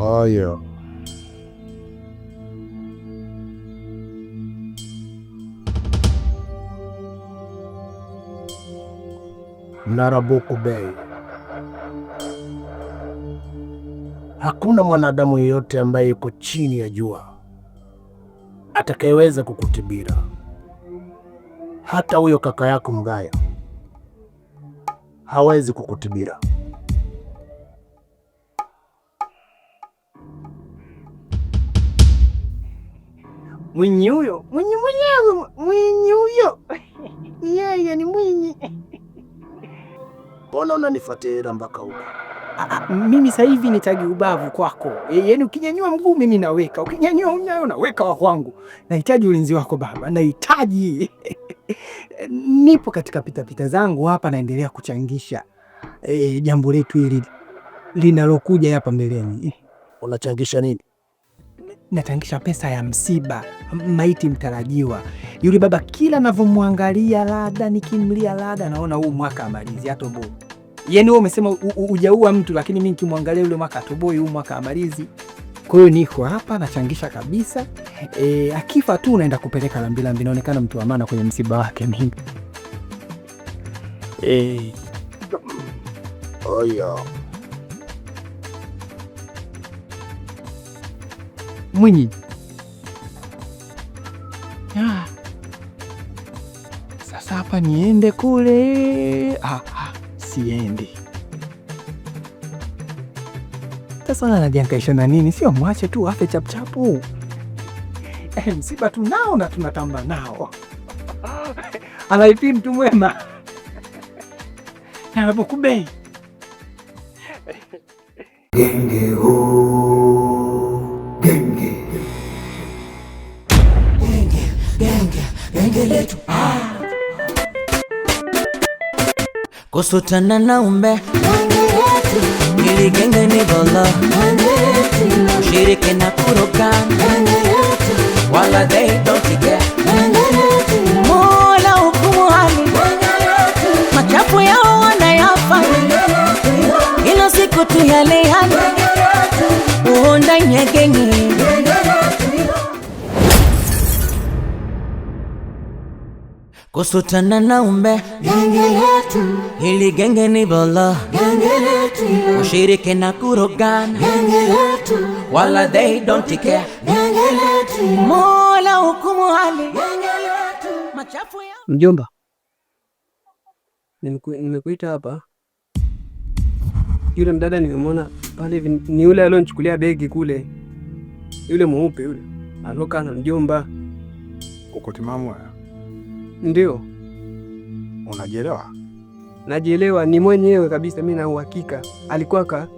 Hayır. Narabuku Bey, hakuna mwanadamu yeyote ambaye yuko chini ya jua atakayeweza kukutibira, hata huyo kaka yako Mgaya hawezi kukutibira. Mwinyi huyo mwinyi mwenyewe, mwinyi huyo yeye ni mwinyi. Mbona unanifuatira mpaka huko? Ah, ah, mimi sasa hivi nitagi ubavu kwako, yaani ukinyanyua mguu mimi naweka, ukinyanyua unyayo naweka wa kwangu. Nahitaji ulinzi wako baba, nahitaji nipo katika pitapita zangu hapa, naendelea kuchangisha e, jambo letu hili linalokuja hapa mbeleni. Unachangisha nini? natangisha pesa ya msiba, maiti mtarajiwa. Yule baba kila anavyomwangalia labda nikimlia, labda naona huu mwaka amalizi atoboe. yani wewe umesema hujaua mtu, lakini mimi nikimwangalia yule mwaka atoboi, huu mwaka amalizi. Kwa hiyo niko hapa nachangisha kabisa. E, akifa tu unaenda kupeleka lambilambi, naonekana mtu wa maana kwenye msiba wake mimi. Eh. yeah. Mwinyi ya. Sasa hapa niende kule? Ah, ah, siendi sasa. Najankaisha na nini? Sio mwache tu afe chapuchapu. Eh, msiba tunao na tunatamba nao ah, alaipi mtu mwema anapokubei sutana na umbe niligenge ni bolo shirike na kuroka wala they don't care. Mola hukumu hali machafu yao wanayafa, ilo siku tu yale nyegenye kusutana na umbe genge letu, hili genge ni bolo genge letu, ushiriki na kurogana genge letu, wala they don't care genge letu, Mola hukumu hali genge letu, machafu ya mjomba. Nimekuita hapa, yule mdada nimemwona pale hivi, ni yule alionichukulia begi kule, yule mweupe yule aloka na mjomba uko timamu ndio, unajielewa? Najielewa, ni mwenyewe kabisa. mi na uhakika alikuwa ka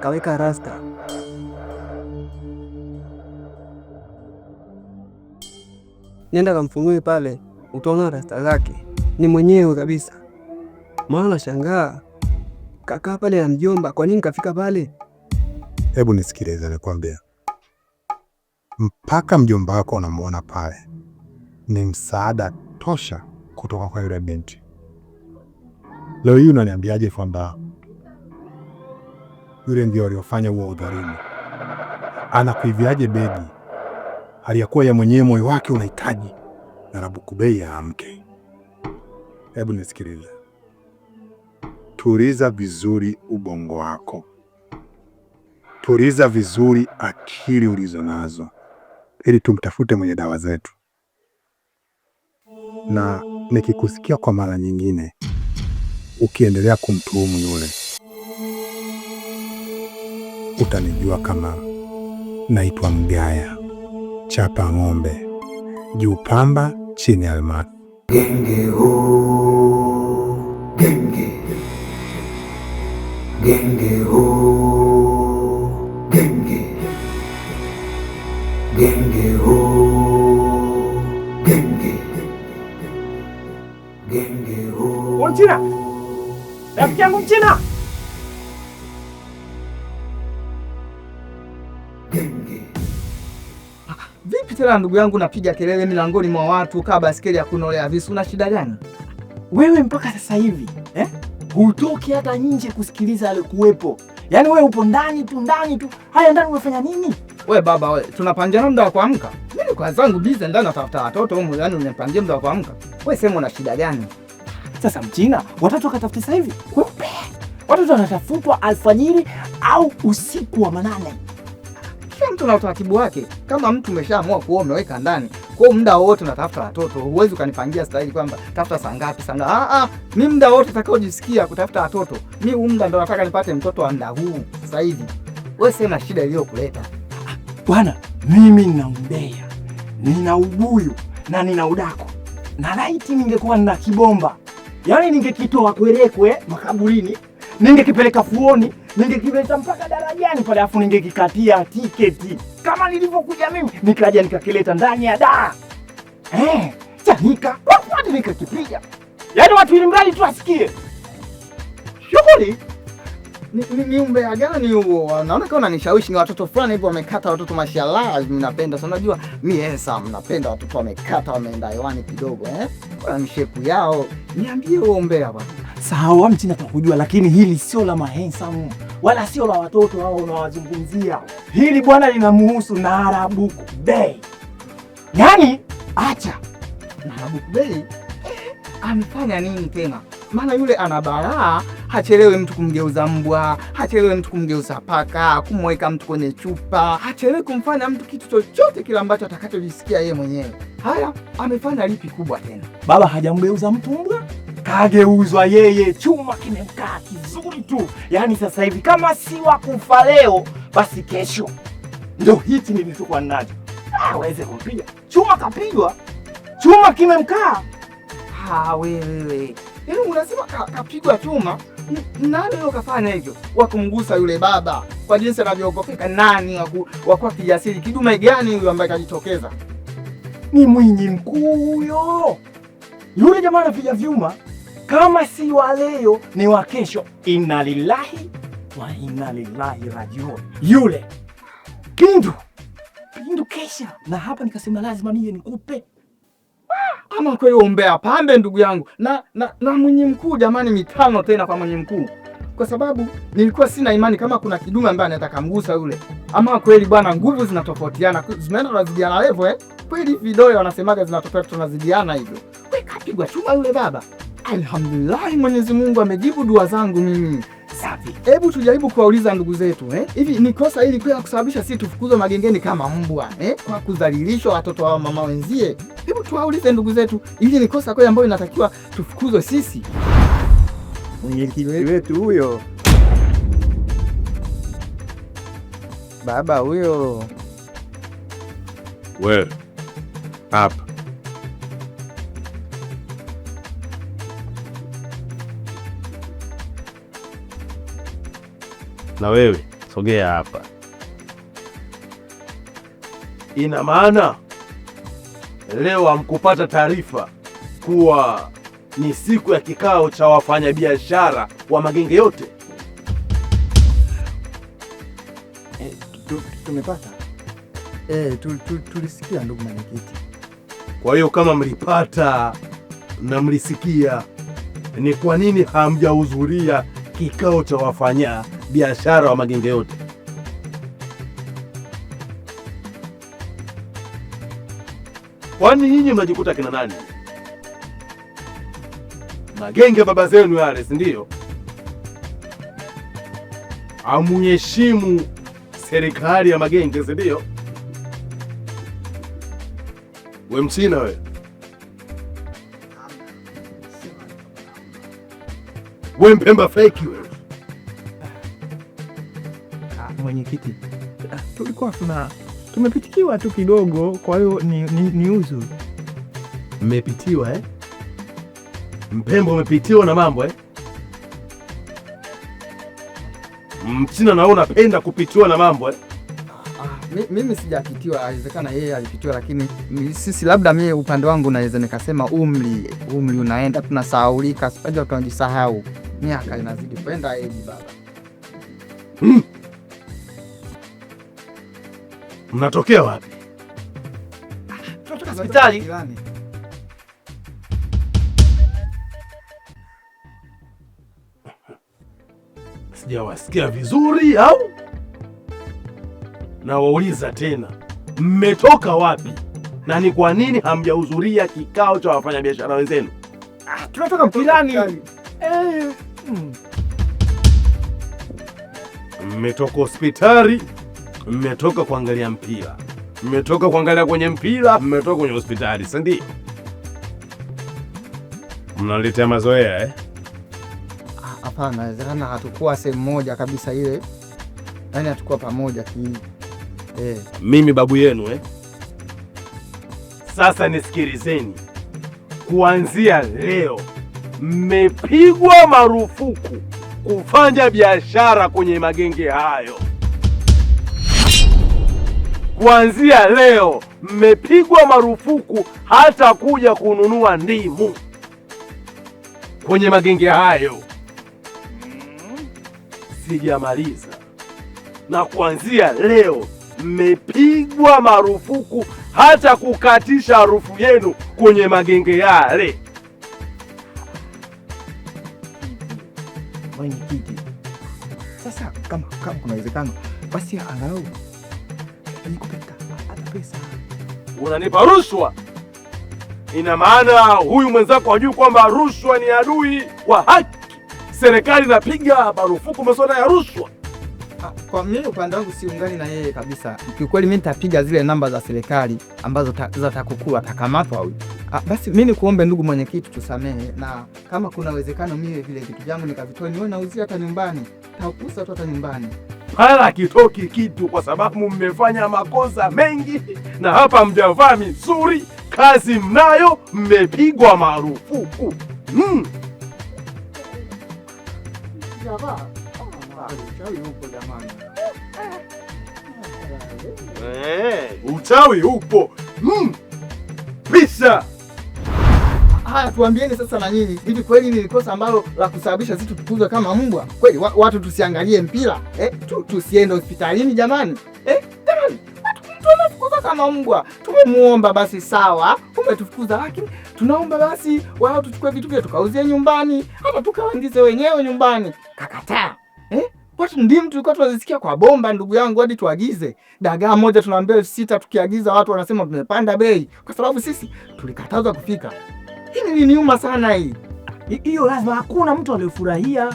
kaweka rasta. Nenda kamfungue pale, utaona rasta zake ni mwenyewe kabisa. Maana shangaa kakaa pale na mjomba, kwa nini kafika pale? Hebu nisikilize, nikwambia, mpaka mjomba wako unamwona pale ni msaada tosha kutoka kwa yule binti. Leo hii unaniambiaje kwamba yule ndio aliofanya huo udhalimu? Anakuiviaje begi aliyakuwa ya mwenyewe moyo wake unahitaji na rabukubei Bey aamke? Hebu nisikilize, tuliza vizuri ubongo wako, tuliza vizuri akili ulizo nazo, ili tumtafute mwenye dawa zetu na nikikusikia kwa mara nyingine ukiendelea kumtuhumu yule, utanijua kama naitwa Mgaya Chapa Ng'ombe, juu pamba, chini almasi genge. Mbona ndugu yangu napiga kelele milangoni mwa watu kaa baskeli ya kunolea visu, una shida gani wewe mpaka sasa hivi eh? Hutoki hata nje kusikiliza alikuwepo, yaani wewe upo ndani tu ndani tu. Haya, ndani umefanya nini we baba? We tunapangiana muda wa kuamka, mimi kwa zangu bize ndani natafuta watoto humu, yaani unipangie muda wa kuamka. We sema una shida gani sasa? Mchina watoto wakatafuta sasa hivi, weupe watoto wanatafutwa alfajiri au usiku wa manane kila mtu na utaratibu wake. Kama mtu umeshaamua kuoa umeweka ndani. Kwa muda wote unatafuta watoto. Huwezi ukanipangia staili kwamba tafuta saa ngapi saa ngapi. Ah ah, mimi muda wote utakaojisikia kutafuta watoto. Mimi muda ndo nataka nipate mtoto wa muda huu sasa hivi. Wewe sema shida iliyokuleta. Bwana, mimi nina umbea. Nina ubuyu na nina udako. Na laiti ningekuwa nina kibomba. Yaani ningekitoa kwerekwe makaburini. Ningekipeleka fuoni ningekileta mpaka darajani pale, afu ningekikatia tiketi kama nilivyokuja mimi, nikaja nikakileta ndani ya daa eh, chanika watu nikakipiga, yaani watu ili mradi tu asikie shughuli ni ni umbea gani huo? Naona kama unanishawishi ni watoto fulani hivyo wamekata watoto, mashallah, mnapenda sana. Unajua mimi Esa, mnapenda watoto wamekata, wameenda hewani kidogo eh, Kwa mshepu yao. Niambie huo umbea bwana sawa, mtu natakujua, lakini hili sio la mahensamu wala sio la watoto hao unawazungumzia. Hili bwana linamuhusu Narabuku Bey, yaani acha Narabuku Bey amefanya nini tena? Maana yule ana balaa, hachelewe mtu kumgeuza mbwa, hachelewe mtu kumgeuza paka, kumweka mtu kwenye chupa, hachelewe kumfanya mtu kitu chochote kile ambacho atakachojisikia yeye mwenyewe. Haya, amefanya lipi kubwa tena? Baba hajamgeuza mtu mbwa kageuzwa yeye, chuma kimemkaa kizuri tu. Yaani sasa hivi kama si wa kufa leo basi kesho. Ndio hichi nilichokuwa nacho, ah, aweze kumpiga chuma. Kapigwa chuma kimemkaa. Wewe yaani unasema kapigwa chuma? Nani huyo kafanya hivyo? Wakumgusa yule baba kwa jinsi anavyoogopeka. Nani wakuwa kijasiri kidume gani huyo ambaye kajitokeza? Ni Mwinyi mkuu huyo, yule jamaa anapiga vyuma kama si wa leo ni wa kesho. Inna lillahi wa inna lillahi rajiun. Yule Bindu Bindu kesha, na hapa nikasema lazima niye nikupe ama kwa hiyo umbea pambe ndugu yangu na, na, na mwenye mkuu jamani, mitano tena kwa mwenye mkuu, kwa sababu nilikuwa sina imani kama kuna kidume ambaye anaweza kumgusa yule. Ama kweli bwana, nguvu zinatofautiana, zinaenda tunazidiana levo eh, kweli vidole wanasemaga zinatofautiana, tunazidiana hivyo. Weka kapigwa chuma yule baba Alhamdulillahi, Mwenyezi Mungu amejibu dua zangu mimi. Safi. Hebu tujaribu kuwauliza ndugu zetu eh? Hivi ni kosa hili kwa kusababisha sisi tufukuzwe magengeni kama mbwa eh? Kwa kudhalilishwa watoto wa mama wenzie. Hebu tuwaulize ndugu zetu, hili ni kosa kweli ambayo inatakiwa tufukuzwe sisi? Mwenyekiti wetu huyo, baba huyo, wewe hapa na wewe sogea hapa. Ina maana leo hamkupata taarifa kuwa ni siku ya kikao cha wafanyabiashara wa magenge yote? E, tumepata e, tulisikia ndugu mwenyekiti. Kwa hiyo kama mlipata na mlisikia, ni kwa nini hamjahudhuria kikao cha wafanya biashara wa magenge yote. Kwani nyinyi mnajikuta kina nani? Magenge baba zenu yale, si ndio? Amuheshimu serikali ya magenge, si ndio? We mchina we, we mpemba feki we mwenyekiti, tulikuwa tuna tumepitikiwa tu kidogo, kwa hiyo ni, ni, ni uzu. Mmepitiwa eh? Mpembo umepitiwa na mambo eh? Mchina nao unapenda kupitiwa na mambo eh? Ah, mimi sijapitiwa, awezekana yeye alipitiwa, lakini sisi labda mimi upande wangu naweza nikasema umri umri unaenda tunasahaulika, sija tunajisahau, miaka inazidi kwenda. Eji baba mm. Mnatokea wapi? Hospitali. Sijawasikia vizuri au? Nawauliza tena, mmetoka wapi na ni kwa nini hamjahudhuria kikao cha wafanyabiashara wenzenu? Ah, tunatoka mpilani. Eh, hmm. mmetoka hospitali mmetoka kuangalia mpira, mmetoka kuangalia kwenye mpira, mmetoka kwenye hospitali, si ndio? Mnaletea mazoea eh? Ah, hapana, inawezekana hatukuwa sehemu moja kabisa ile, yaani hatukuwa pamoja ki eh. Mimi babu yenu eh? Sasa nisikilizeni, kuanzia leo mmepigwa marufuku kufanya biashara kwenye magenge hayo kuanzia leo mmepigwa marufuku hata kuja kununua ndimu kwenye magenge hayo. Sijamaliza, na kuanzia leo mmepigwa marufuku hata kukatisha harufu yenu kwenye magenge yale. Mwenyekiti, sasa kama, kama kuna uwezekano basi angalau nikupeleka hata pesa. Unanipa rushwa, ina maana huyu mwenzako hajui kwamba rushwa ni adui wa haki. Serikali inapiga marufuku masuala ya rushwa. Ah, kwa mimi upande wangu siungani na yeye kabisa. Kiukweli mimi nitapiga zile namba za serikali ambazo zatakukua atakamatwa huyu. Ah, basi mimi nikuombe ndugu mwenyekiti, tusamehe na kama kuna uwezekano mimi vile vitu vyangu nikavitoa nione nauzia hata nyumbani, taukusa tu hata nyumbani. Wala kitoki kitu, kwa sababu mmefanya makosa mengi na hapa mjavaa misuri, kazi mnayo, mmepigwa marufuku. Mm. Uchawi upo. Mm. Pisa haya, tuambieni sasa na nyinyi, hivi kweli ni kosa ambalo la kusababisha sisi tutukuzwe kama mbwa kweli? wa, Watu tusiangalie mpira eh? tu, tusiende hospitalini jamani eh? Jamani, tumetufukuza kama mbwa, tumemuomba basi, sawa, umetufukuza lakini tunaomba basi wao tuchukue vitu vyetu tukauzie nyumbani ama tukawangize wenyewe nyumbani, kakataa eh? Watu ndimu tulikuwa tunazisikia kwa bomba, ndugu yangu, hadi tuagize dagaa moja tunaambia elfu sita tukiagiza watu wanasema tumepanda bei, kwa sababu sisi tulikatazwa kufika ni niuma sana hii hiyo. Lazima hakuna mtu aliyofurahia,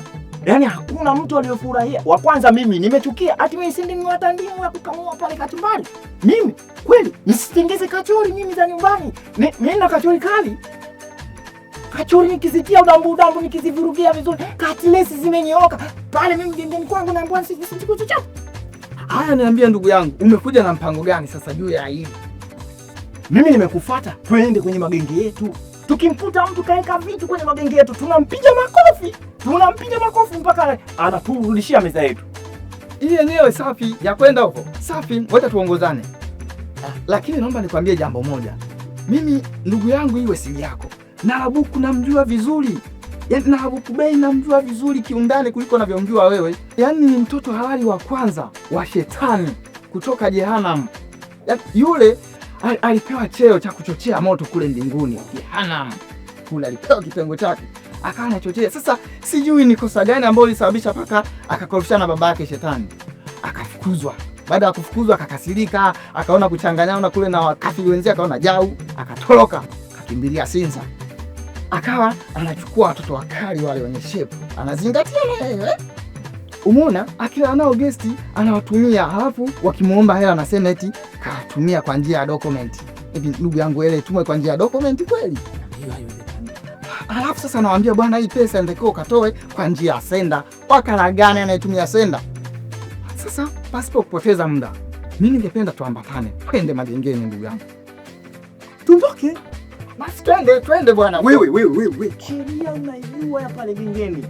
yaani hakuna mtu aliyofurahia. Wa kwanza mimi nimechukia, hati mimi si hata niwatandia ya kukamua pale kachumbari. Mimi kweli nisitengeze kachori mimi za nyumbani, nienda kachori kali kachori nikizitia udambu udambu, nikizivurugia vizuri, katlesi zimenyooka pale. Mimi gengeni kwangu na mbwa sisi naambiwa sikuchucha. Haya, niambia ndugu yangu, umekuja na mpango gani sasa juu ya hili? Mimi nimekufuata twende kwenye magenge yetu. Tukimkuta mtu kaeka vitu kwenye magenge yetu, tunampiga makofi, tunampiga makofi mpaka anaturudishia meza yetu. Hii yenyewe safi ya kwenda huko, safi. Wacha tuongozane, lakini naomba nikwambie jambo moja. Mimi ndugu yangu iwe siri yako, Narabuku namjua vizuri, yaani Narabuku Bey namjua vizuri kiundani kuliko navyomjua wewe. Yaani ni mtoto halali wa kwanza wa shetani kutoka jehanamu, yaani yule alipewa cheo cha kuchochea moto kule mbinguni Jehanamu kule, alipewa kitengo chake akawa anachochea. Sasa sijui ni kosa gani ambayo lisababisha mpaka akakorofishana baba yake Shetani akafukuzwa. Baada ya kufukuzwa, akakasirika, akaona kuchanganyana kule na wakafiri wenzake, akaona jau, akatoroka, akakimbilia Sinza, akawa anachukua watoto wakali wale wenye shepu, anazingatia eh? Umeona, akila anao gesti anawatumia, halafu wakimwomba hela anasema eti katumia kwa njia ya document. Hivi ndugu yangu, ile tumwe kwa njia ya document kweli? Alafu sasa nawaambia bwana, hii pesa ndio ukatoe kwa njia ya senda. Wakala gani anayetumia senda? Sasa pasipo kupoteza muda, mimi ningependa tuambatane twende magengeni, ndugu yangu, tumboke basi, twende twende bwana. Wewe wewe wewe, sheria unaijua ya pale gengeni,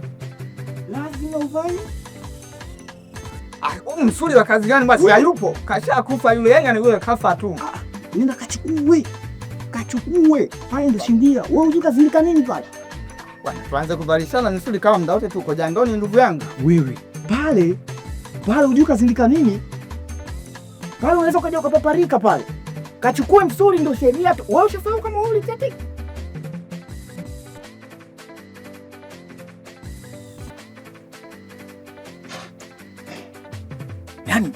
lazima uvae Ah, wa kazi gani basi? Hayupo. kufa yule yenga ni kafa tu. Ah, nenda kachukue. Kachukue. Pale ndo shindia. Wewe ujikazilika nini pale? Bwana, tuanze kuvalishana misuli kama muda wote tuko jangoni ndugu yangu. Wewe, pale pale ujikazilika nini? Pale unaweza ukaja ukapaparika pale. Kachukue msuli ndo sheria tu. Wewe ushafahamu kama wewe yani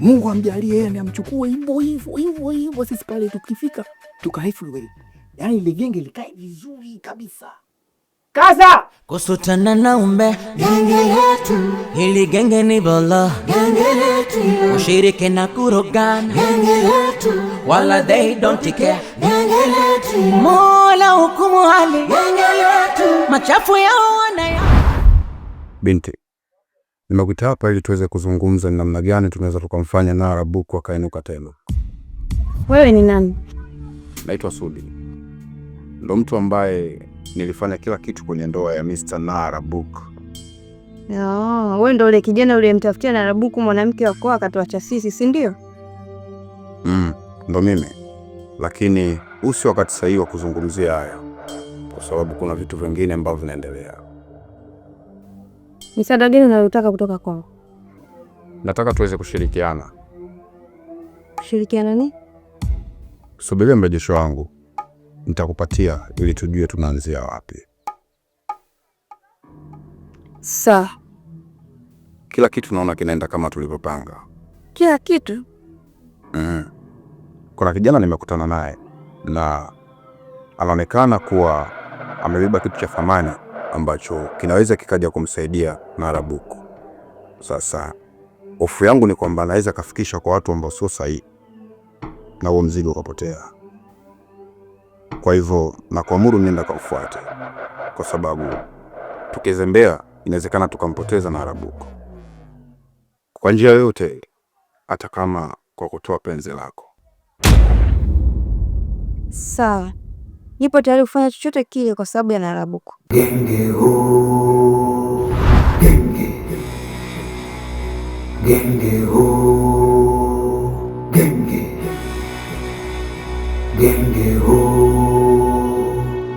Mungu amjalie yeye ndiye amchukue hivo hivo hivo hivyo. Sisi pale tukifika tukahifuri, yani ile genge likae vizuri kabisa. Kaza kusutana na umbe genge letu, hili genge ni bolo genge letu, ushirike na kurogana genge letu, wala they don't care genge letu, mola hukumu hali genge letu, machafu yao wanaya binti Nimekuita hapa ili tuweze kuzungumza ni namna gani tunaweza tukamfanya Nara Buku akainuka tena. Wewe ni nani? Naitwa Sudi, ndo mtu ambaye nilifanya kila kitu kwenye ndoa ya Mr. Nara Buku. Oh, wewe ndo ule kijana uliyemtafutia Nara Buku mwanamke wako akatuacha sisi, si ndio? Mm, ndo mimi, lakini usi si wakati sahihi wa kuzungumzia hayo, kwa sababu kuna vitu vingine ambavyo vinaendelea. Misaada gani unayotaka kutoka kwao? Nataka tuweze kushirikiana. Kushirikiana nini? Subiria mrejesho wangu nitakupatia, ili tujue tunaanzia wapi. Sawa. Kila kitu naona kinaenda kama tulivyopanga. Kila kitu? Mm. Kuna kijana nimekutana naye na anaonekana kuwa amebeba kitu cha thamani ambacho kinaweza kikaja kumsaidia Narabuku. Sasa hofu yangu ni kwamba anaweza kafikisha kwa watu ambao sio sahihi na huo mzigo ukapotea. Kwa hivyo nakuamuru nenda kamfuate kwa sababu tukizembea inawezekana tukampoteza Narabuku kwa njia yoyote, hata kama kwa kutoa penzi lako. Sawa. Nipo tayari kufanya chochote kile kwa sababu ya Narabuku. Genge ho, genge, genge ho, genge, genge ho,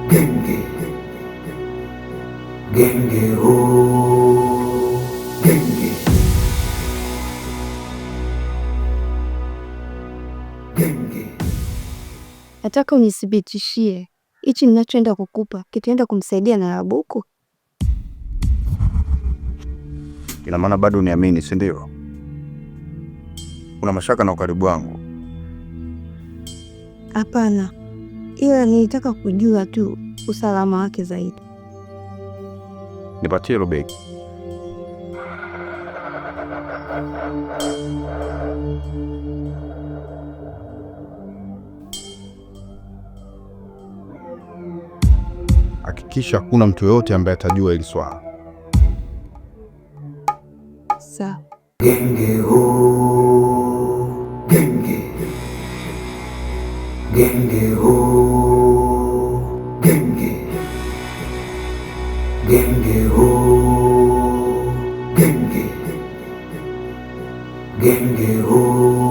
genge, genge ho, genge, genge. Nataka unithibitishie hichi ninachoenda kukupa kitaenda kumsaidia Narabuku? Ina maana bado uniamini, si ndio? Kuna mashaka na ukaribu wangu? Hapana, ila nilitaka kujua tu usalama wake zaidi. Nipatie lobeki. kuhakikisha hakuna mtu yoyote ambaye atajua hili swala. Genge ho, genge. Genge ho, genge. Genge ho, genge. Genge ho.